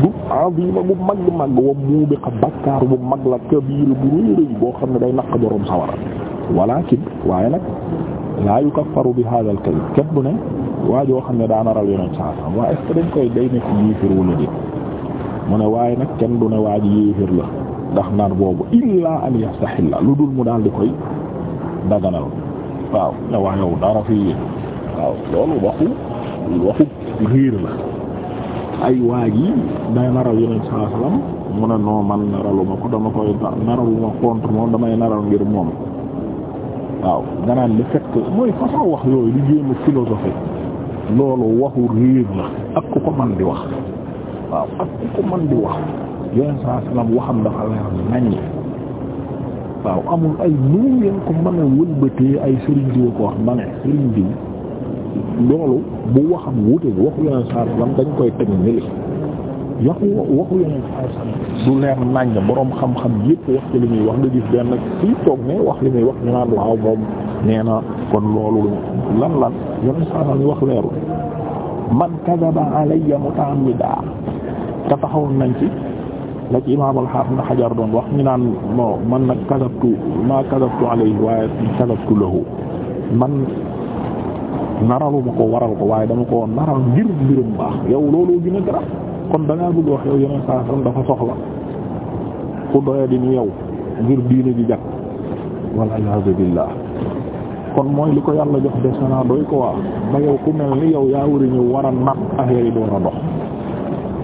du azima bu mag mag wa muubiqa bakkaar bu mag la bu rëy rëy boo xam ne day naq boroom sawara walakin waaye nag laa yukaffaru bi hadha al kadhib ket ne waa joo xam ne daa naral yonent saa saa waa est-ce dañ koy day nekk yéefér wala déet mu ne waaye nag kenn du ne waa ji yéefér la ndax nar boobu illaa an yastahilla lu dul mu daal di koy daganal waaw ne waa yow dara fii waaw loolu waxu waxu riir la ay waaj yi day naral yeneen saa salaam mu ne non man naraluma ko dama koy naraluma contre moom damay naral ngir moom waaw nga naan li fekk mooy façon wax yooyu di jéem philosophie loolu waxu réer la ak ku ko man di wax waaw ak ku ko man di wax yeneen saa salaam waxam dafa leer naññ waaw amul ay nu ngeen ko mën wëlbatee ay sëriñ diw ko wax ma ne sëriñ diw loolu bu waxam wuute waxu yeneen saa dañ koy teg neli waxu waxu yeneen saa du leer naññ boroom xam-xam yépp wax ci li muy wax nga gis benn kii toog ne wax li muy wax ñu naan waaw moom nee na kon loolu lan lan yeneen saa salaam wax leerul man kadaba alayya muta'ammida te taxawoon nañ ci la ci imaam al-Hafiz Ibn doon wax ñu naan mo man nag kadabtu ma kadabtu alayhi waaye kadabtu lahu man naralu ko waral ko waaye dama ko naral ngir mbirum baax yow looloo gën a garab kon da ngaa bëgg wax yow yeneen saa sam dafa soxla ku doya di ni yow ngir diine di jag walla iyaazu billaah kon mooy li ko yàlla jox des na doy ko waa ba yow ku mel ni yow yaa war a ñëw waral a nat affaire yi door a dox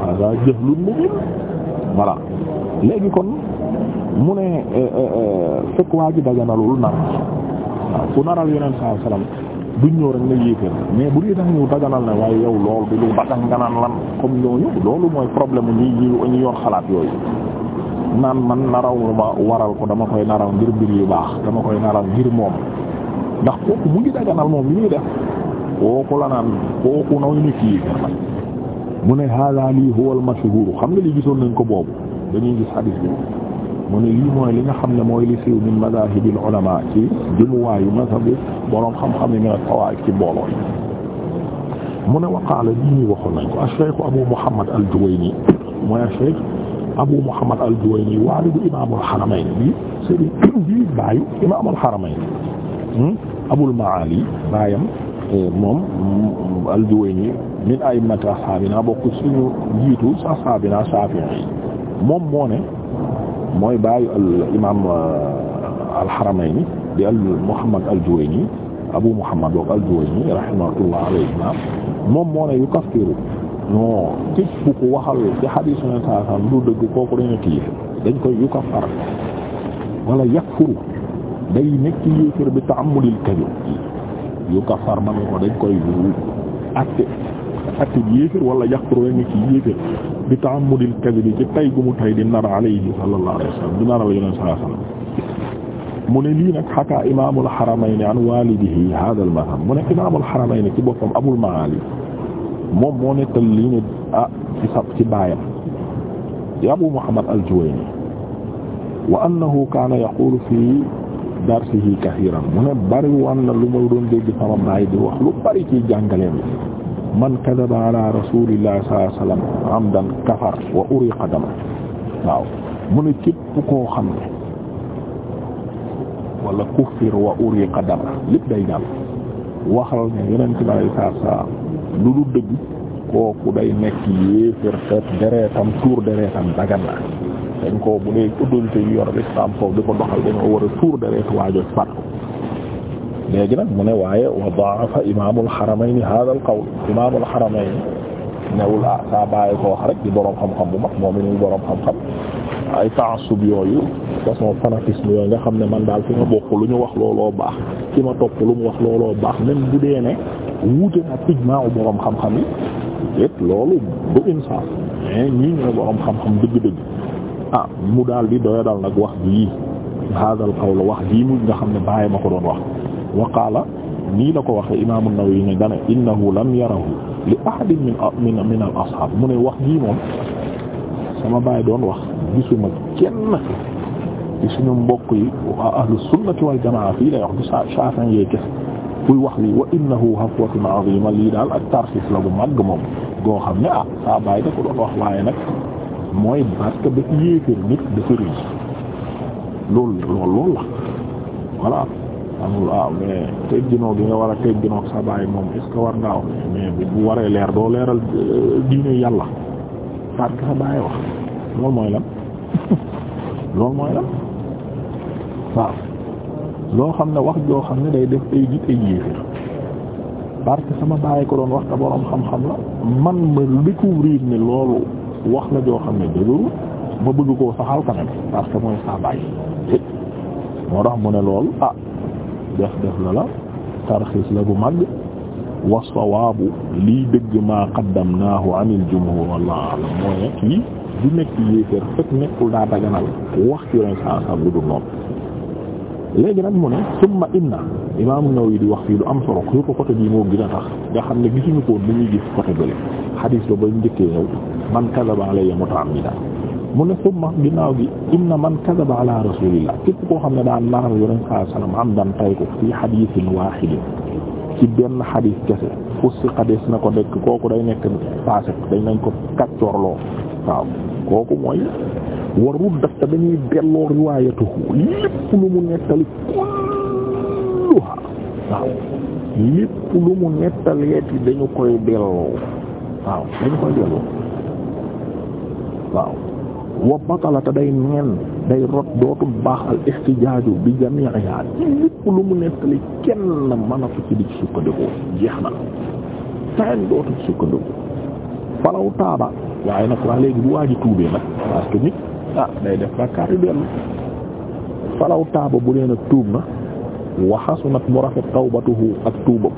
waaw daa jëf lu mu léegi kon mu ne euh, euh, euh, fekk waa ji daganalul nar waaw ku naral yeneen saa salaam duñ ñëw rek nga yéeféer mais bu dee da ñëw daganal na waaye yow lool bi lu dagan nga naan lan comme ñooñu loolu mooy problème ñi ñu yor xalaat yooyu naan man naraw ma waral ko dama koy naraw ngir mbir yu baax dama koy naraw ngir moom ndax kooku mu ngi daganal moom li ñuy def kooku la naan kooku naw ñu kii mu ne hada lii huwa al mashhur xam nga li gisoon nañ ko boobu dañuy gis hadith bi mu ne lii mooy li nga xam ne mooy li siiw min madahibil ulama ci jëmuwaayu mazhabu boroom xam-xam yi nga xawaay ci mbooloo yi mu ne waqaala lii ñuy waxoon nañ ko ash-shaykh Abu Muhammad al-Juwayni mooy ash-shaykh Abu Muhammad al-Juwayni waalidu imaamul haramayn bi sëriñ bi baayu imaamul haramayn hmm? Abul Maali baayam moom al-Juwayni min a'immati ashaabina bokk suñu jiitu ashaabina Shaafi'i moom moo ne. mooy baayu al imaam euh, al-Haramayni di al Muhammad al-Juwayni Abu Muhammad wa al-Juwayni rahimahullah alayhima moom moo ne yu kaffiru non képp bu ko waxal ci xadiis na saa saa lu dëgg kooku dañu tiif dañ koy yu kaffar wala yakfuru day nekk yéefar bi ta'ammudil kadhib yu kaffar man ko dañ koy atte atte yéefér wala yaqturu nit ci yéefér bi ta'ammudil kadhib ci tay gu mu tay di nar alayhi sallallahu alayhi wasallam di naral yoneen sallallahu alayhi wasallam mu ne lii nag xakaa imaamul haramayn an walidihi hadha al mathal mu ne imaamul haramayn ci boppam abul maali moom moo nettal lii ne ah ci sab ci baayam di abu muhammad al-juwayni wa annahu kaana yaqulu fii darsihi kathiran mu ne bari woon na lu ma doon dégg sama baay di wax lu bari ci jàngaleem man kadaba ala rasulillahi sallallahu alayhi wasallam amdan kafar wa uriqa dama waaw mu ne képp koo xam ne wala kuffir wa uriqa dama lépp day daal waxal ne yonent bi alayhi salaatu salaam lu du dëgg kooku day nekk yéefir xeet deretam tuur deretam dagan na dañ ko bu dee autorité yu yor l'islam foofu di ko doxal dañoo war a tuur deret waajoo fat léegi nag mu ne waaye wa da'afa imaamul xaramayni haadal qawl imaamul xaramayni newul ah saa bàyyi ko wax rek di boroom xam-xam bu mag moom mi ngi boroom xam-xam ay ta'assub yooyu façon fanatisme yooyu nga xam ne man daal fi ma bokk lu ñu wax looloo baax ki ma topp lu mu wax looloo baax même bu dee ne wuute na ijmaa u boroom xam-xam yi déet loolu du insaaf mais ñii ñooy boroom xam-xam dëgg-dëgg ah mu daal di doya dal nag wax ji haadal qawl wax ji mu nga xam ne bàyyi ma ko doon wax. wa qaala nii la ko waxe imaam an-Nawawi dana innahu lam yarahu li ahadin min min min al mu ne wax jii moom sama baay doon wax gisuma kenn ci suñu mbokk yi waa ahlu wax du Shafi'i daal ak tarfis la bu màgg goo xam ne ah saa baay da ko doon wax waaye nag mooy parce ba ci yéeféer nit dafa rëy loolu loolu loolu la voilà amul ah mais tegginoo gi nga war a tegginoo sa baay moom est ce que war ngaa wax mais bu waree leer doo leeral euh, diine yàlla parce sa baay wax loolu mooy lan loolu mooy lan waaw loo xam ne wax joo xam ne day def ay nit ay yéeféer parce que sama baay ko doon wax te boroom xam-xam la man ma découvrir ne loolu wax la joo xam ne dëgëru ma bëgg koo saxal quand même parce que mooy sa baay moo tax mu ne loolu ah def def la la tarxiis la bu mag wa sawaabu liy dëgg maa qaddamnaahu anil jumhur wallahu a'lam mooy ne kii du nekk yéeféer fekk nekkul daa daganal wax ci ren saa saa bu dul noonu léegi nag mu ne summa inna imaam Nawawi di wax fii lu am solo xëy ko côté bii moo gën a tax nga xam ne gisuñu ko woon lu ñuy gis côté bële xadiis ba ba njëkkee yow man kadaba alayya muta'ammidan mu ne summa ginnaaw gi inna man kadaba ala rasulillah képp koo xam ne daan naral yonent saa sallam am daan tay ko fii xadiisin waaxidin ci benn xadiis kese fussiqa des na ko dekk kooku day nekk passé dañ nañ ko kaccoorloo waaw kooku mooy warul daf te dañuy delloo riwaayatuhu lépp lu mu nettali kulluha waaw lépp lu mu nettaleeti dañu koy delloo waaw dañu koy delloo waaw wa batala te day neen day rot dootul baax al ihtijaaju bi jamiiha lépp lu mu nettali kenn mën a ci di ci jeex na kenn dootul sukkandikoo falaw taaba waaye nag waa léegi bu waaj a tuubee nag parce que nit ah day def bàkkaar yu dellu falaw taaba bu leen ak tuub na waxasu nag mu rafet tawbatuhu ak tuubam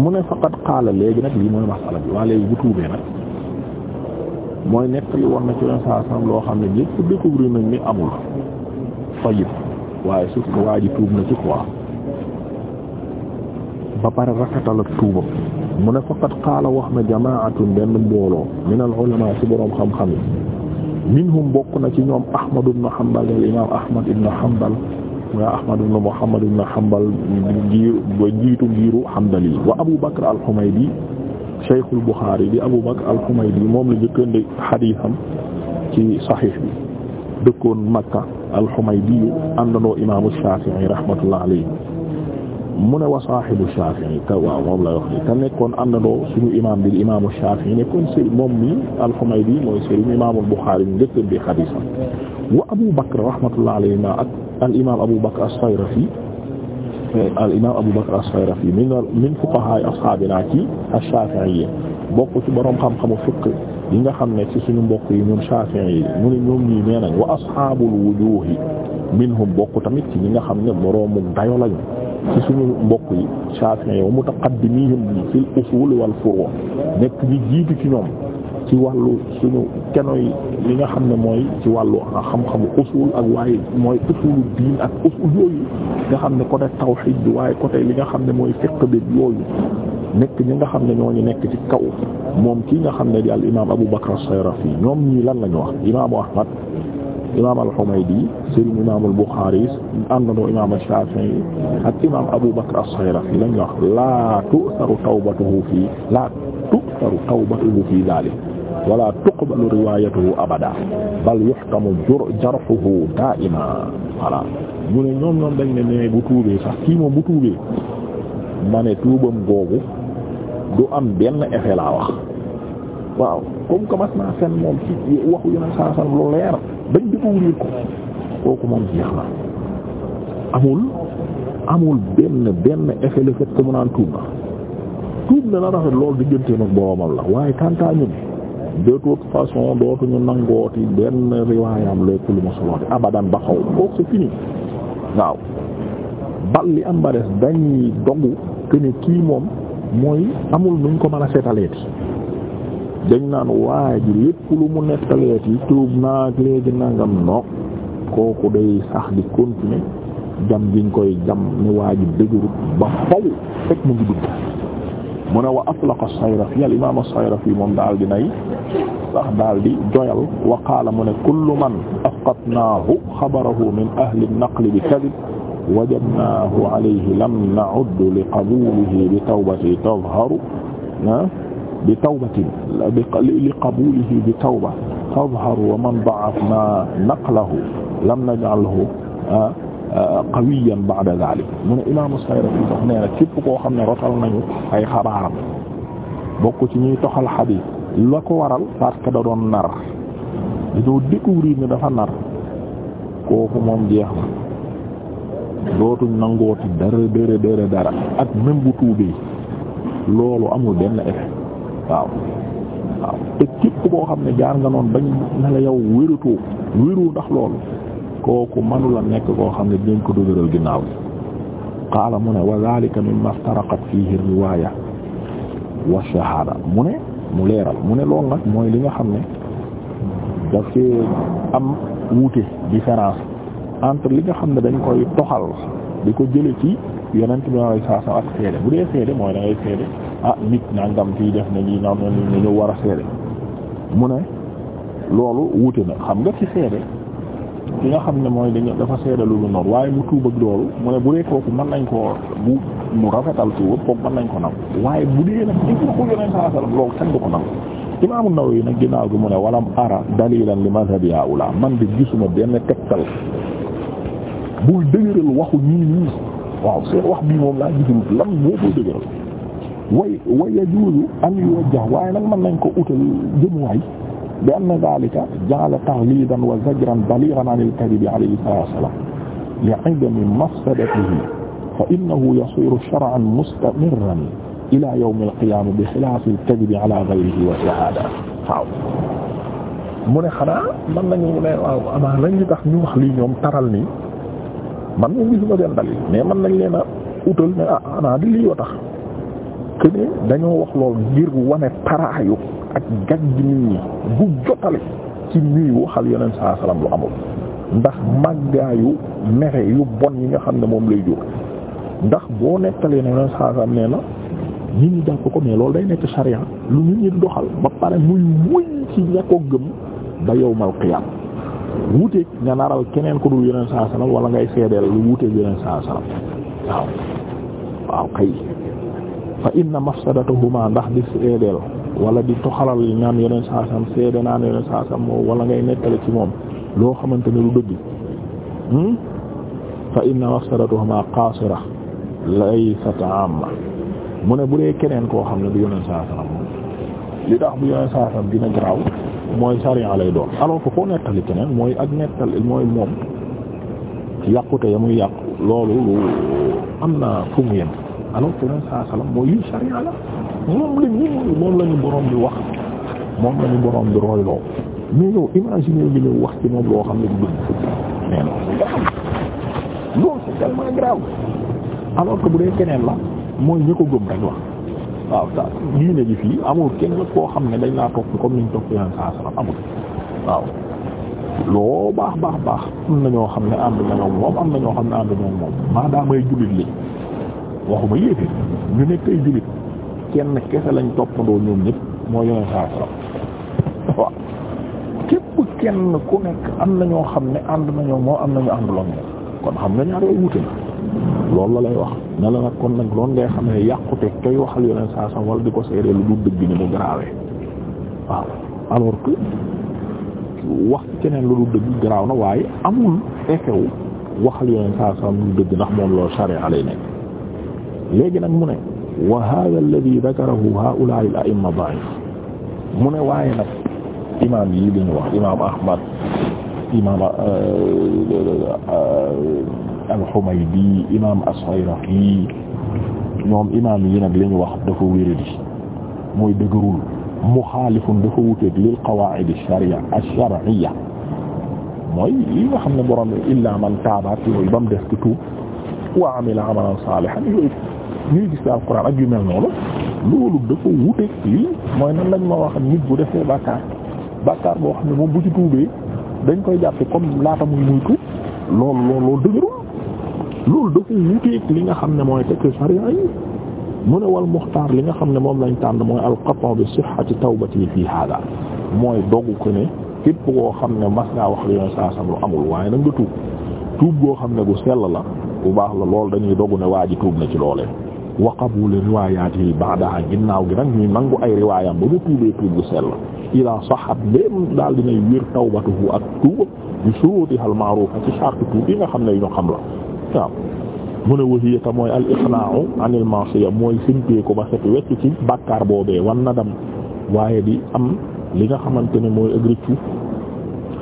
mu ne faqad qaala léegi nag lii mooy masala bi waa léegi bu tuubee nag mooy nettali woon na ci leen saa sam loo xam ne ñépp découvrir nañ ni amul fayib waaye suuf ko waa ji tuub na ci quoi ba pare rafetal ak tuubam mu ne faqat qaala wax na jamaatun benn mbooloo min al ulama ci boroom xam-xam yi minhum bokk na ci ñoom Ahmad ibn Hanbal al imaam Ahmad ibn Hanbal mooy Ahmad ibn Muhammad ibn Hanbal jiir ba jiitu giiru Hanbali wa Abu Bakr al-Humaydi Cheikhul Bukhari di Abu Bakr al-Humaydi moom la jëkkandi xadiisam ci saxiix bi dëkkoon Makka al-Humaydi àndandoo imaamu Shaafi'i rahmatullah alayhi mu ne wa saahibu Shaafi'i te waaw moom la wax ni te nekkoon àndandoo suñu imaam bi imaamu Shaafi'i nekkoon sëriñ moom mi al-Humaydi mooy sëriñ imaamul Bukhari ñu njëkkandi xadiisam wa Abu Bakr rahmatullah alayhi ma ak al imaam Abu Bakr as-Sayrafi al imaam Abu Bakr as-Sayrafi min min fuqahaa ashaabinaa ci ash-Shaafi'iyyi bokk ci borom xam-xamu fiqh yi nga xam ne ci suñu mbokk yi ñun Shaafi'i mu ne ñoom ñii nee nañ wa ashaabul wujuuhi minhum bokk tamit ci ñi nga xam ne boroomu dayo lañu ci suñu mbokk yi Shaafi'i wa mutaqaddimiihim fil usuul wal furu' nekk ñi jiitu ci ñoom. ci wàllu suñu kenoy li nga xam ne mooy ci wàllu xam-xamu usul ak waaye mooy usulu diin ak usul yooyu nga xam ne côté tawhid bi waaye côté li nga xam ne mooy fiqh bi yooyu nekk ñi nga xam ne ñooñu nekk ci kaw moom kii nga xam ne di al imaam Abu Bakr as-Sayrafi ñoom ñii lan la ñu wax imaamu Ahmad imaam al-Humaydi sëriñ imaam al-Bukhari àndandoo imaam al-Shafi'i ak imaam Abu Bakr as-Sayrafi lañ wax laa tu'tharu tawbatuhu fii laa tu'tharu tawbatuhu fii daalik wala tuqbalu riwaayatuhu abada bal yuhkamu jarhuhu daa'ima voilà mu ne ñoom ñoom dañ ne nee bu tuubee sax kii moom bu tuubee ma ne tuubam googu du am benn effet laa wax waaw comme commence naa fen moom ci waxu yeneen saa san lu leer bañ découvrir ko kooku moom jeex na amul amul benn benn effet le fait que mu tuub na tuub na na rafet lool digganteem ak boromam la waaye kantaa ñun de toute façon dootuñu nangooti benn riwaayam lépp lu ma solooti abadan ba xaw kooku c'est fini waaw bal li am ba des dañuy dogu que kii moom mooy amul nuñ ko mën a seetaleeti dañ naan waa ji lépp lu mu nettaleeti tuub naag léegi nangam noog kooku day sax di continuer jam giñ koy jam ni waa ji ba xaw fekk mu ngi dugg mu ne wa aflaqa as-Sayrafi al-imaam as-Sayrafi moom daal di nay sax daal di joyal wa qaala mu ne kullu man asqatnaahu xabarahu min ahli an-naqli bi kadhib wajadnaahu alayhi lam na'udd li qabuulihi bi tawbatin tadharu bi tawbatin li qabuulihi bi tawbatin tadharu wa man da'afnaa naqlahu lam naj'alhu qawiyan ba'da zalik mu ne imaamu Sayrafi sax nee na képp koo xam ne rotal nañu ay xabaaram bokk ci ñuy toxal xadiis la ko waral parce da doon nar dañoo découvrir ne dafa nar kooku moom jeex na dootuñ nangooti dara dara dara dara ak même bu tuubee loolu amul benn effet waaw te képp koo xam ne jaar nga noon bañ na la yow wératoo wéroo ndax loolu kooku a nekk koo xam ne dinañ ko dëgëral ginnaaw gi mu ne wa dhalika mimma iftaraqat fihi riwaya wa shahada mu ne mu leeral mu ne loolu nag mooy li nga xam ne daf ci am wuute différence entre li nga xam ne dañ koy toxal di ko jële ci yonent bi ay saa saa ak seede bu dee seede mooy da ngay seede ah nit nangam fii def na ñi nangam war a seede mu ne loolu wuute na xam nga ci seede ki nga xam ne mooy dañu dafa seedalu lu noor waaye mu tuub ak loolu mu ne bu dee kooku man nañ ko bu mu rafetal tuub kooku mën nañ ko nangu waaye bu dee nag ci ko yoneen saa sallam loolu kenn du ko nangu Imaam An-Nawawi nag ginnaaw gi mu ne walam ara dalilan li madhabi haula man di gisuma benn tegtal buy dëgëral waxu ñii nii waaw seen wax bii moom laa gisul lan moo koy dëgëral way way yajuuzu an yuwajjah waaye nag mën nañ ko utal jëmuwaay bi anna dhalika ja'ala taghlidan wa zajran balighan 'an al-kadhib alayhi salaatu wa salaam li'idami mafsadatihi fa innahu yasiru shar'an mustamirran ila yawm al-qiyaamah bi khilaaf al-kadhib 'ala ghayrihi wa shahada waaw mu ne xanaa man nañu ne waaw amaa lañu tax ñu wax lii ñoom taral nii man moom gisuma seen dalil mais man nañ leen a utal ne ah xanaa di lii yoo tax que ne dañoo wax lool ngir wane taraayu ak gàj gi nit ñi bu jotale ci ñuy waxal yonent saa salaam lu amul ndax màggaayu mexe yu bon yi nga xam ne moom lay jur ndax boo nettalee ne yonent saa salaam nee na nit jàpp ko mais loolu day nekk sariya lu nit ñi doxal ba pare muy muy ci ña ko gëm ba yawmal qiyaam wuuteeg nga naral keneen ko dul yonent saa salaam wala ngay seedeel lu wuuteeg yeneen saa salaam waaw waaw kay fa inna mafsadatuhuma ndax di seedeel wala di toxalal naan yeneen saasam seede naan yeneen saasam moom wala ngay nettale ci moom loo xamante ne lu dëgg hmm? fa inna mafsadatuhuma qasira laysat amma mu ne bu dee keneen koo xam ne du yeneen saasam moom li tax bu yeneen saasam dina garaaw mooy sariya lay doon alors que koo nettali keneen mooy ak nettal mooy moom yàqute ya muy yàqu loolu lu am na fu mu yem alors que ren saa salaam mooy lii sariya la moom lañu boroom bi wax moom lañu boroom bi royloo mais yow imaginer bi ñu wax ci moom loo xam ne du dugg mais bu dee keneen la mooy ñi ko gëm rek wax waaw diine ji fii amul kenn koo xam ne dañ laa topp comme ni ñu topp ren saa salaam amul waaw. loo baax baax baax am na ñoo xam ne ànd nañoo moom am na ñoo xam ne ànd nañoo moom maanaam ay jullit lañ. waxuma yéeféer ñu nekk ay jullit kenn kese lañ toppandoo ñoom ñëpp moo yoneen saa salam waaw képp kenn ku nekk am na ñoo xam ne ànd nañoo moo am nañu ànduloo ñoom kon xam nga ñaar yooyu wute na loolu la lay wax ne la nag kon nag loolu ngay xam ne yàqute koy waxal yoneen saa salam wala di ko seeree lu du dëgg ni mu garaawee waaw alors que wax keneen lu du dëgg garaaw na waaye amul effet wu waxal yoneen saa salam lu dëgg ndax moom loolu sariya lay léegi nag mu ne wa hadha alladhi dhakarahu haa'ulaa'i al-a'imma da'if mu ne waaye nag imaam yi li ñu wax imaam Ahmad imaam euh, al-Humaydi imaam as-Sayrafi ñoom imaam yi nag li ñu wax dafa wéradi mooy dëgërul muxaalifun dafa wuteeg lil qawaa'id ash-shar'iyya ash-shar'iyya mooy li nga xam ne borom illaa man taaba yooyu ba mu def ci tuub wa amila amalan saalihan yooyu ñuy gis alxuraan ak yu mel noonu loolu dafa wuteeg lii mooy nan lañ ma wax nit bu defee bàkkaar bàkkaar boo xam ne moom bu ci tuubee dañ koy jàppe comme laata muy muy tuub loolu loolu loolu dëgërul dafa wuteeg li nga xam ne mooy tekk sariya yi mu ne wal muxtaar li nga xam ne moom lañ tànn mooy alqata bi sihhati tawbati fii hada mooy dogu ko ne képp koo xam ne mas ngaa wax yoon saa sam lu amul waaye nag nga tuub tuub goo xam ne gu sell la bu baax la lool dañuy dogu ne waa ji tuub na ci loolee wa qabul riwaayaati ba'daha ginnaaw gi nag ñuy nangu ay riwaayam ba mu tuubee tuub bu sell ila saxat léem daal dinay wér tawbatuhu ak tuub bi shuruutiha al-ma'ruufa ci shartu tuub yi nga xam ne yu ñu xam la waaw mu ne wahiya mooy al iqnaa'u anil ma'siya mooy simpee ba set wecc ci bàkkaar boobee wan na waaye di am li nga xamante ne mooy ak rëccu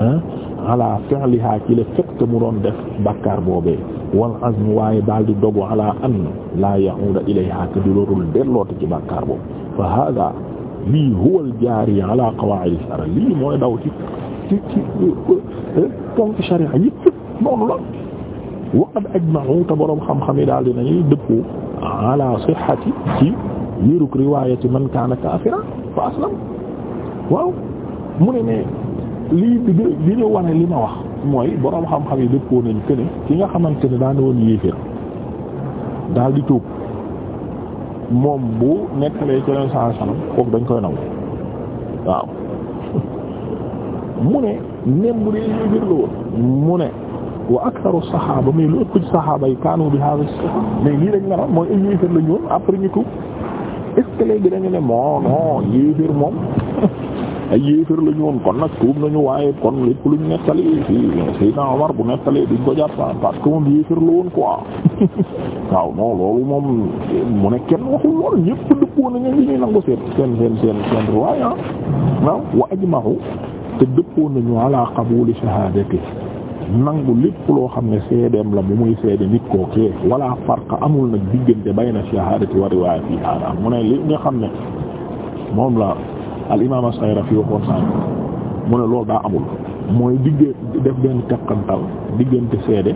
ah ala fi'liha ci le mu doon def bàkkaar boobee wal azm waaye daal di dogu ala an laa ya'uda ilayha te du loolu dellooti ci bàkkaar boobu fa hada lii huwa al jaari ala qawaa'id shar lii mooy daw ci ci ci eh, ponk sharia yëpp noonu la waqad ajma'u te boroom xam-xam yi daal di nañuy dëppoo ala sihhati ci wérug riwaayati man kaana kaafira fa aslam waaw mu ne ne lii di di ñu wane li ma wax. mooy borom xam-xam yi dëppoo nañ que ki nga xamante ne daan woon yéeféer daal di tuub moom bu nekkalee ci leen saa dañ koy naw waaw mu ne même bu dee yéeféer la woon mu ne wa aktaru saxaaba mais lu ëpp saxaaba yi kaanu bi xaaral mais lii dañ naroon mooy yéeféer la ñu après ñu tuub est ce dañu ne non non yéeféer moom. ay yéefar la ñu woon kon nag tuub nañu waaye kon lépp lu ñu nettali fii Seydina Omar bu nettalee duñ ko jàpp parce que moom yéefar la woon quoi waaw non loolu moom mu ne kenn waxul lool ñépp dëppoo nañu li nangu seen seen seen seen ah. waaw wa ajma'u te dëppoo nañu ala qabuli shahadati nangu lépp loo xam ne seedeem la bu muy seede nit koo kee wala farqa amul nag diggante bayna shahadati wa riwaayati mu ne li nga xam ne moom la. al imaam as-Sayrafi waxoon sànq mu ne loolu daa amul mooy digge def benn teqantal diggante seede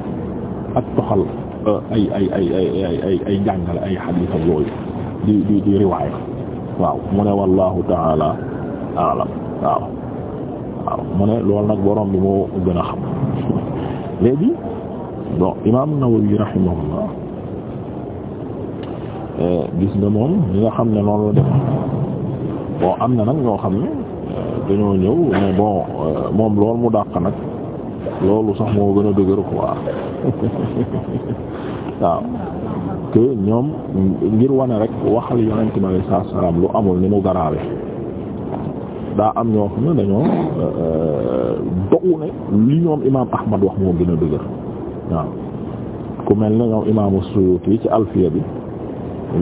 ak toxal euh, ay ay ay ay ay ay ay njàngale ay xadiis ak yooyu di di di waaw mu ne wallahu taala alam waaw waaw mu ne loolu nag boroom bi moo gën a xam léegi bon imaam Nawawi rahimahullah euh, gis nga moom li nga xam ne noonu la def bon am na nag ñoo xam ne euh, dañoo ñëw mais bon euh, moom loolu mu dàq nag loolu sax moo gën a dëgër quoi waaw que ñoom ngir wane rek waxal yonent bi alayhi salaatu salaam lu amul ni mu garaawe daa am ñoo xam ne dañoo euh, dogu ne li ñoom imaam Ahmad wax moo gën a dëgër waaw ku mel ne ñoom imaamu Suyuti ci alfiya bi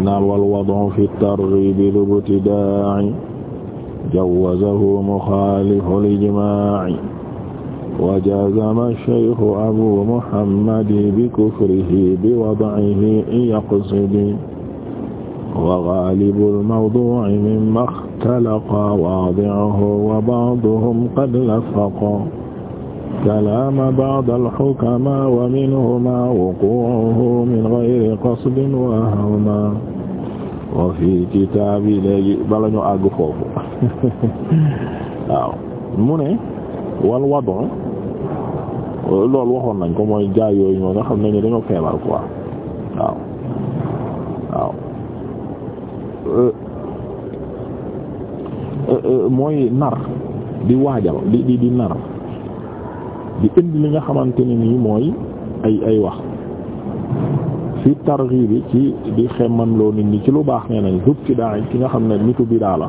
naan wal wadu fi targhib al ibtida'i jawazahu muxaalifu lijmaa'i wa jazama shaykhu abu muhammadi bi kufrihi bi wad'ihi in yaqsidi wa gaalibul mawduu'i mimmaa ikhtalaqa waadi'uhu wa ba'duhum qad lafaqa kalaama ba'dal hukamaa wa minhumaa wuquu'uhu min ghayri qasdin wa hawmaa wa fii kitaabi léegi bala ñu àgg foofu waaw mu ne wal loolu waxoon nañ ko mooy jaay yooyu ñoo nga xam ne dañoo feebar quoi waaw waaw euh, euh, euh, mooy nar di waajal di di di nar di indi li nga xamante ni nii mooy ay ay wax fi targhib bi ci di xeman loo nit ñi ci lu baax nee nañ zub ci daa ki nga xam ne nitu bidaa la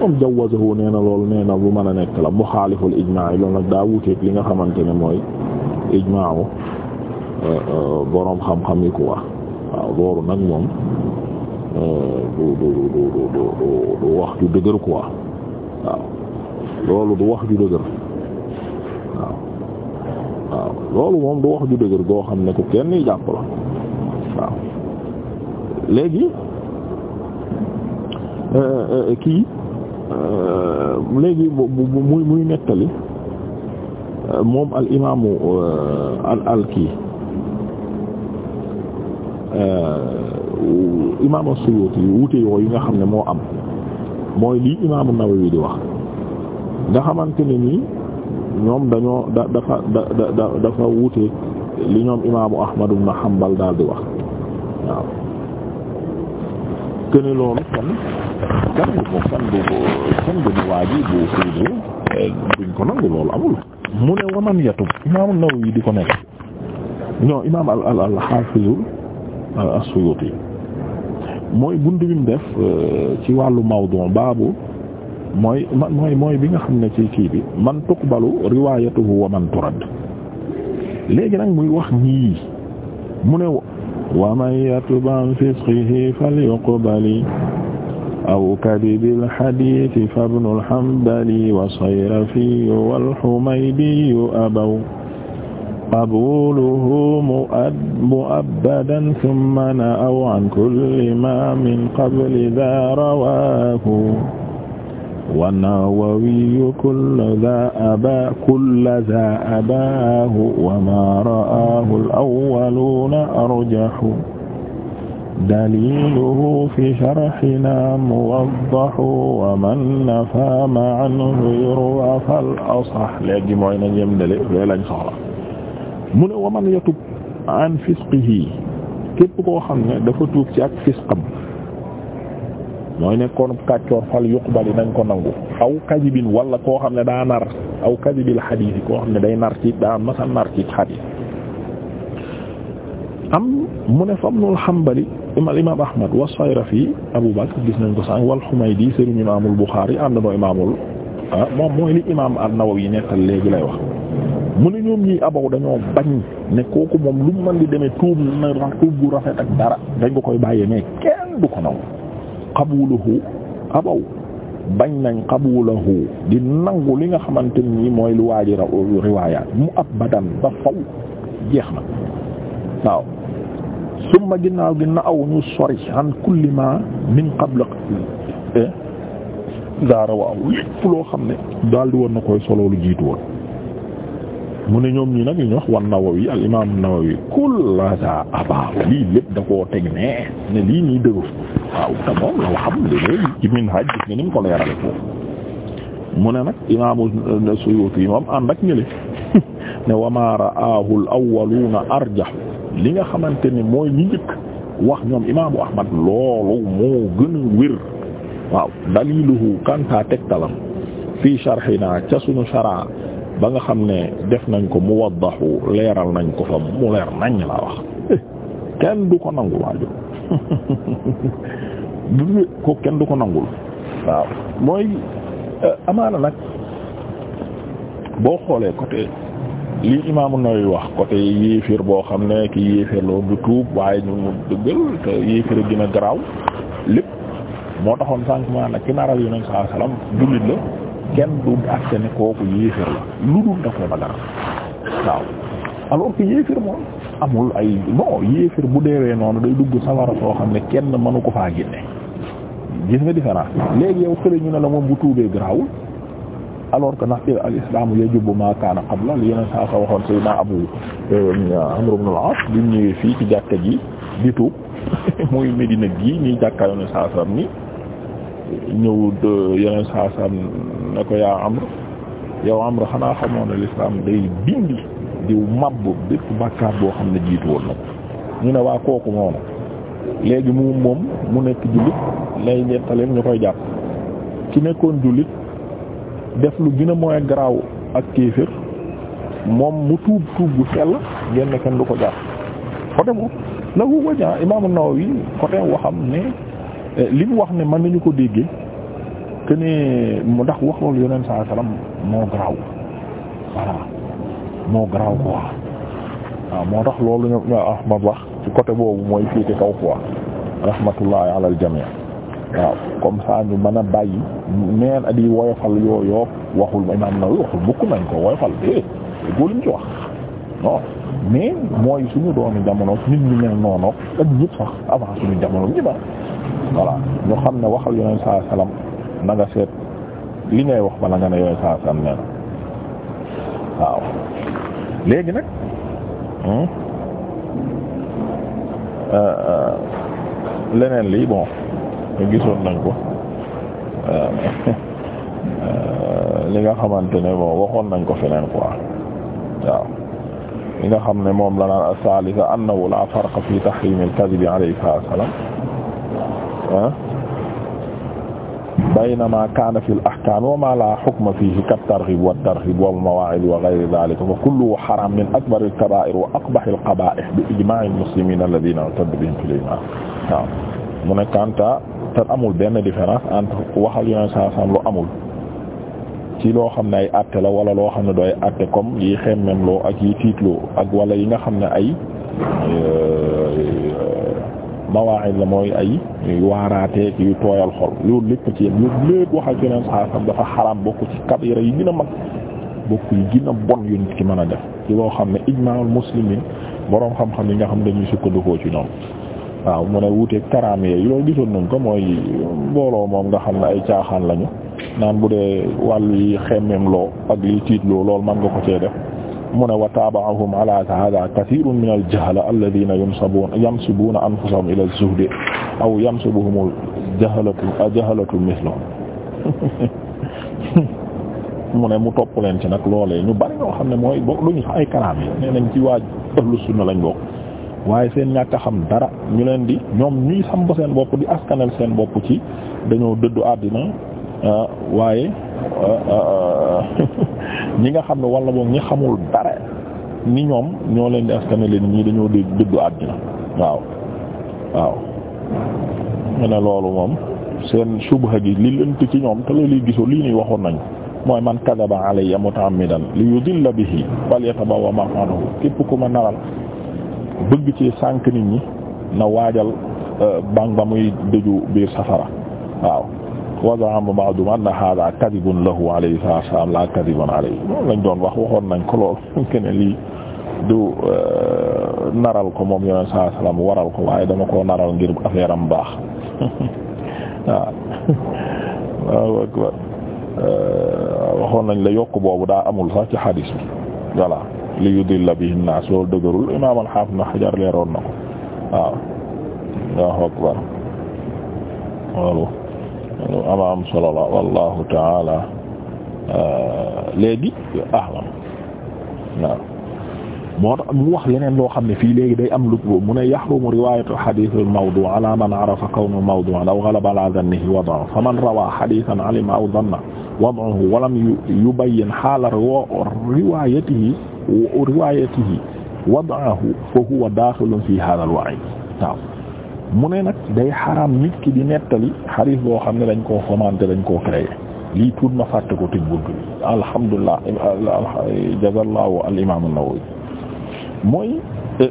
moom jawazahu nee na loolu nee bu mën a nekk la muxaaliful ijmaa loolu nag daa li nga xamante ne mooy ijmaawu euh, euh, boroom xam-xam yi ku loolu nag moom euh, du du du du du wax ju dëgër quoi waaw loolu du wax ju dëgër waaw loolu moom du wax ju dëgër goo xam ne ko kenn jàpp la waaw léegi kii Euh, léegi mu muy nettali euh, moom al imaamu euh, al al kii imaamu Suyuti wuute yooyu nga xam ne moo am mooy lii imaamu Nawawi di wax nga xamante ne nii ñoom dañoo dafa da da dafa wuute li ñoom imaamu Ahmad ibn Hanbal daal di wax waaw. que ne loolu kon kan du ko kan du ko kan du ko bu tuuti eh, duñ ko nangu loolu amul. mu ne waman yatub imaam An-Nawawi di ko nekk non imaam al al al Haafiz As-Suyuuti mooy buntu bi mu def eh, ci wàllu mawdu' baabu mooy man mooy bi nga xam ne ci kii bi man tuqbalu riwaayatuhu wa man turad léegi nag muy wax ñii mu ne wa man yatub an fisqihi falyuqbali aw kadibil hadiisi fabnul hanbali wa sayrafiyyu wal humaydiyyu abaw qabuluhu mu'abbadan thumma na'aw an kulli ma min qabli dhaa rawaahu wa nawawiyu kulla daa aba kulla daa abaahu wa maa ra'aahu al-awwaluuna arjahu daliluhu fi sharhinaa muwaddahu wa man faama anhu yurwa fal-asah léegi mooy na ñem dale loolu lañ soxla mu ne wa man yatub an fisqihi képp koo xam ne dafa tuub ci ak fisqam mooy nekkoon kàccoor fal yuqbali nañ ko nangu aw kadibin wala koo xam ne daa nar aw kadibil xadiis yi koo xam ne day nar ci daa masa nar ci xadiis am mu ne fa Ibnul Hanbali imaam imaam Ahmad wa Sayrafi Abu Bakr gis nañ ko sànq wal Humaydi sëriñ imaamul Buxaari ànd noo imaamul ah moom mooy li imaam an-Nawawi nettal léegi lay wax. mu ne ñoom ñii abaw dañoo bañ ne kooku moom lu mu mën di deme tuub na tuub bu rafet ak dara dañ ko koy bàyyee mais kenn du ko naw. qabuluhu abaw bañ nañ qabuluhu di nangu li nga xamante ni mooy lu waaji riwaayaat mu ab badan ba faw jeex na waaw summa ginnaaw gi na aw ñu sori an kulli ma min qabla eh? zaara waaw lépp loo xam ne daal woon na koy solo lu jiitu woon mu ne ñoom ñi nag ñu wax wan Nawawi al imaam Nawawi kulla za aba lii lépp da koo teg ne lii nii dëgër waaw moom la waxam léegi ci Minhaj nga ni ko leerale foofu mu ne nag imaamu euh, Suyuti moom ànd ak ñële ne wama ra'aahu al-awwaluuna arjah li nga xamante ni mooy ñi njëkk wax ñoom imaamu Ahmad loolu moo gën a wér waaw daliluhu kanta tegtalam fii sharhina ca sunu shara ba nga xam ne def nañ ko mu waddaxu leeral nañ ko fa mu leer nañ laa wax kenn du ko nangu waaju ko kenn du ko nangul waaw mooy eh, amaana nag boo xoolee côté li imaamu Nawawi wax côté yéeféer boo xam ne ki yéeféer la du tuub waaye ñu mu dëggal te yéeféer a gën garaaw lépp moo taxoon sànq maanaam ki naral yonent saa salaam jullit la kenn du àtte ne kooku yéeféer la lu dul da koo dagal waaw alors que yéeféer moom amul ay bon yéefir bu deewee noonu day dugg sawara soo xam ne kenn mënu ko faa génne gis nga différence léegi yow xële ne la moom bu tuubee garaawul alors que ndax al islam yajubu ma kaana qabla li euh, ñëwee fii ci jàkka ji di tuub muy Medina gii ñuy jàkka yoonu saa sam ni ñëw yeneen saa sam ne ko yaa Amr yow Amr xanaa xamoon ne l'islam day dindi diw mabb bépp bàkkaar boo xam ne jiitu woon na ko ñu ne waa kooku moo léegi mu moom mu nekk jullit lay nettaleem ñu koy jàpp ki nekkoon jullit def lu gina a mooy garaaw ak kéefër moom mu tuub tuub bu sell ngeen kenn du ko jàpp côté boobu nagu ko jaa Imaam An-Nawawi côté waxam ne eh, li mu wax ne mën nañu ko déggee que ne mu ndax wax loolu Yonent saa salaam moo garaaw voilà. moo garaaw quoi waaw moo tax loolu ñu Ahmad wax ci côté boobu mooy féete kaw quoi rahmatullahi alal al-jami' waaw comme ça ñu mën a bàyyi neen a di woyofal yooyu waxul imaam Nawawi waxul bukk nañ ko woyofal eh déggoo liñ ci wax non mais mooy suñu doomi jamono nit ñi mel noonu ak ñëpp sax avant suñu jamono ñi ñu xam ne waxal yoneen saa salaam na nga seet li ngay wax bala nga ne yoneen saa salaam nee waaw. léegi nag hmm? euh, euh, leneen li bon gisoon nañ ko euh, li nga xamante ne bon waxoon nañ ko feneen ko waaw li nga xam ne moom la naan as-salisa annahu la farqa fi tahrim al-kadhib alayhi salaam baynama kaana fi al-ahkaam wa maa laa hukma fiihi kat-targhiib wat-tarhiib wal mawaa'id wa ghayri dhaalika fa kulluhu haram min akbar al-kabaa'ir wa aqbah al-qabaa'ih bi ijmaa' al-muslimiin alladhiina i'tadd bihim fil iimaan waaw mu ne Kanta te amul benn différence entre waxal yeneen saa sàn lu amul ci loo xam ne ay àtte la wala loo xam ne dooy àtte comme yi xemmemloo ak yi tiitloo ak wala yi nga xam ne ay. Euh, mawaa'id la mooy ay waaraatee yu tooyal xol loolu lépp ci yem loolu lépp a ci yeneen saa xam dafa xaraam bokk ci kabira yi gën a mag bokk yi gën a bon yu ci ki mën a def ci loo xam ne ijmaa'ul muslimiin boroom xam-xam yi nga xam dañuy sukkandikoo ci ñoom waaw mu ne wuuteeg karaam yi loolu gisoon nañ ko mooy mbooloo moom nga xam ne ay caaxaan lañu naan bu dee wàll yi xemeem loo ak liy loo loolu man nga ko cee def. mu ne wa taaba'ahum ala hada kathirun min al-jahl alladhina yansubuna yansubuna anfusahum ila az-zuhd aw yansubuhum al-jahlatu al-jahlatu mithlahum mu ne mu topp ci nag loolee ñu bari xam ne mooy bokk ay karaam yi nañ ci waa ahlu sunna lañ bokk waaye seen ñàkk a xam dara ñu leen di ñoom ñuy samb seen bopp di askanel seen bopp ci dañoo dëddu àddina ah, waaye ah, ah, ñi nga xam ne wala boog ñi xamul dara ni ñoom ñoo leen di askane leen ñii dañoo dégg dëddu àddina waaw waaw mu ne loolu moom seen subha gi li lënt ci ñoom te loolu gisoo lii nii waxoon nañu mooy man kadaba mi mutaammidan li yudilla bihi falyatabawwa maq'adahu képp ku ma naral bëgg ci sànk nit ñi na waajal euh, bang ba muy dëju biir safara waaw wa za'ama ba'duhum anna hadha kadibun lahu alayhi salaam la kadibun alayhi moom lañ doon wax waxoon nañ ko lool kene lii du euh, naral ko moom yoneen saa salaam waral ko waaye dama koo naral ngir affaire am baax waaw euh, waxoon nañ la yokk boobu daa amul sax ci xadis bi voilà li yudilla bihi naas loolu dëgërul imaam al-Haafiz na Hajar leeroon na ko waaw waaw loolu ama am solo la wallahu taala euh, léegi ahlam waaw moo tax mu wax leneen loo xam ne fii léegi day am lu mu ne yaxrumu riwaayatu xadiis al-mawdu ala man arafa kawnu mawdu'an aw ghalaba ala dhannihi wad'an fa man rawaa xadiisan alima aw dhanna wad'ahu wa lam yubayyin xaala riwaayatihi riwaayatihi wad'ahu fa huwa daaxilun fi haadha al-wa'iid mu ne nag day xaraam nit ki di nettali xadiis boo xam ne dañ koo fomante dañ koo créé lii tuut ma fàtte ko tëj bunt bi alhamdulilah jazallahu al imam an-Nawawi mooy eh,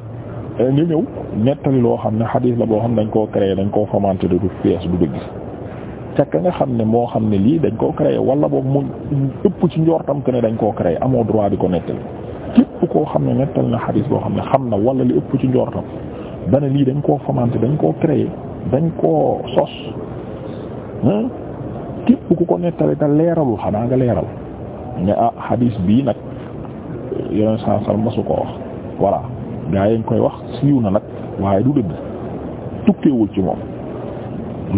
nga ñëw nettali loo xam ne xadiis la boo xam ne dañ koo créé dañ koo fomante de toute pièce du dëgg nga xam ne moo xam ne lii dañ koo créé wala boog mu ëpp ci njoortam que ne dañ koo créé amoo droit di ko nettali képp koo xam ne nettali na xadiis boo xam ne xam na wala li ëpp ci njortam dana lii dañ koo fomenter dañ koo créer dañ koo sos képp ku ko nettali te xanaa nga leeral ne ah hadis bii nag yeneen sansal masu ko wax voilà gaa yi koy wax siiw na nag waaye du dëgg tukkeewul ci moom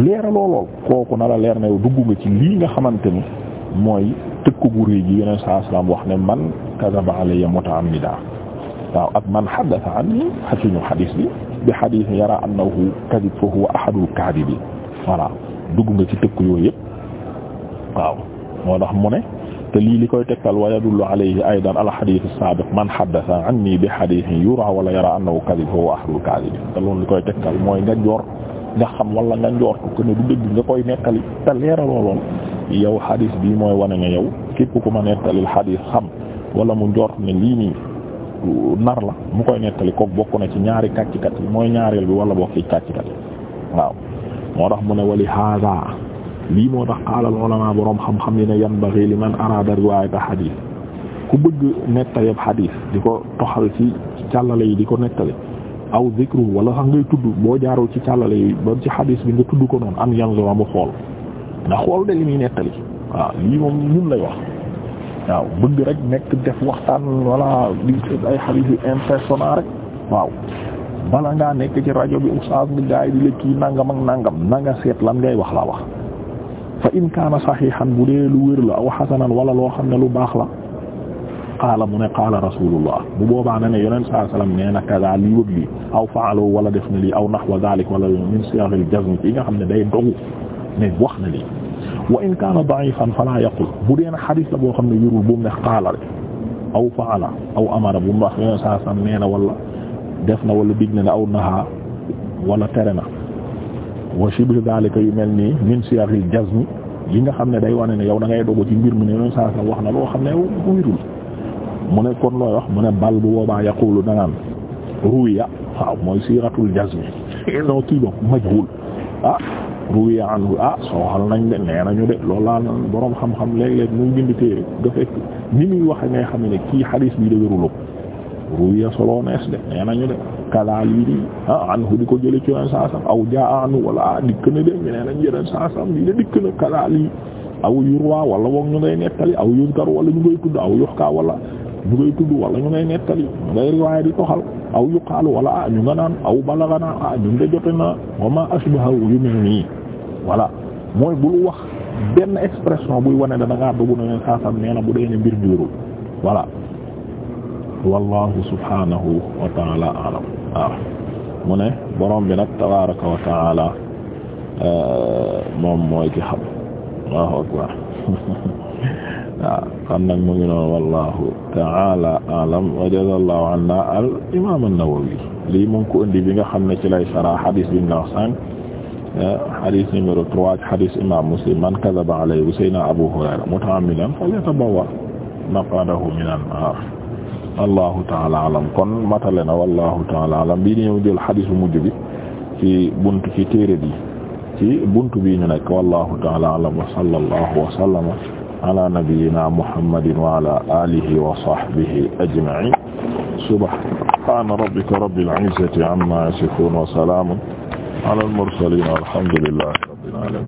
leeraloo lool kooku na la leer na yow dugg nga ci lii nga xamante ni mooy tëkk gu rëy gi yeneen saa salaam wax ne man kazaba alayya muta'ammida waaw ak man haddatha anni xasuñu hadis bi bi xadis yara annahu kadib fa huwa ahadul kaadibi voilà dugg nga ci tëkk yooyu yëpp waaw moo tax mu ne te lii li koy tegtal wa yadullu alayhi aydan al xadis saabiq man xaddasa anni bi xadisin yura wala yara annahu kadib fa huwa ahadul kaadibi te loolu li koy tegtal mooy nga joor nga xam wala nga njortu ko ne du dëgg nga koy nettali te leeraloo lool yow xadis bii mooy wane ne yow képp ku ma nettalil xadis xam wala mu njort ne lii nii nar la mu koy nettali ko bokk na ci ñaari kàccikat yi mooy ñaareel bi wala bokk ci kàccikat yi waaw moo tax mu ne wali hada lii moo tax qaala al ulama boroom xam-xam yi ne yanbaghi li man arada riwayat hadith ku bëgg nettali hadith di ko toxal ci càllale yi di ko nettali aw zikru wala sax ngay tudd boo jaarul ci càllale yi ba ci hadith bi nga tudd ko noonu am yanzura mu xool nga xool de li muy nettali waaw lii moom ñun lay wax waaw bëgg rek nekk def waxtaan walla di ay xalis yu impersonnel rek waaw bala ngaa nekk ci rajo bi oustaz bi gaay di la kii nangam ak nangam na seet lan ngay wax laa wax fa in kaana saxiixan bu dee lu wér la aw xasanan wala loo xam ne lu baax la qaala mu ne qaala rasulullah bu boobaa na ne yonent sallallahu alayhi wasallam nee na kaza lii wëg lii aw faalo wala def na lii aw naxwa dalik wala min siyaxil jazm ci nga xam ne day dogu ne wax na lii wa in kaana da'ifan fala yaqul bu dee nag xadis la boo xam ne yurul bu mu ne qaala rek aw fa'ala aw amara bu mu wax yoneen saa sam nee na wala def na wala dig na ne aw naha wala tere na wa shibhu dhalika yu mel nii min siyaghil jazm yi nga xam ne day wane ne yow da ngay dogo ci mbir mu ne yoneen saa sam wax na loo xam ne yow wirul mu ne kon looy wax mu ne bal bu boobaa yaqulu danaan ruya waaw mooy siratul jazm non kii boobu majhul ah ruwiya anhu ah sooxal nañ de nee nañu de loolu laa boroom xam-xam léeg-léeg muy bind téere nga fekk ni muy waxe ngay xam ne kii xadiis bi dëgëruloo ruwiya solo nees de nee nañu de kalaal yi di ah anhu di ko jële ci yeneen saasam aw jaa anhu a ah dikk na de ñu nee nañ yeneen saasam de dikk na kalaal yi aw yurwa wala boog ñu ngay nettali aw yuzkar wala ñu ngay tudd aw yuxka wala ñu ngay tudd ñu ngay nettali ñu ngay riwaaya di toxal aw yuqaalu wala a ah, ñu nga naan aw balaganaa ah ñu wa ma asbahu yu voilà mooy bul wax benn expression buy wane da dangaa bëgg na leen saasam nee na bu dee ne mbir mi wérul voilà wallahu subhanahu wa taala alam waaw ah, mu ne borom bi nag tabaraka wa taala moom mooy ki xam allahu akbar waaw ah, kon nag mu ngi noonu wallahu taala alam wa jazallahu anna al imam an-Nawawi lii mu ngi ko indi bi nga xam ne ci lay sara hadis bi nga wax sànq Ah, hadith numéro trois hadith imam Muslim man kadhaba alayhi sayna Abu Hurayra muta'ammidan falyatabawwa maq'adahu minan nar allahu taala alam kon matale na wallahu taala alam bii di ñëw jël hadith bu mujj bi ci buntu ci téere bi ci buntu bi ñu nekk wallahu taala alam wa sallallahu wa sallama ala nabiyyina muhammadin wa ala alihi wa sahbihi ajma'in subhana rabbika rabbil izzati amma yasifun wa salamun ala al-mursaliin alhamdulillahi rabbil aalamiin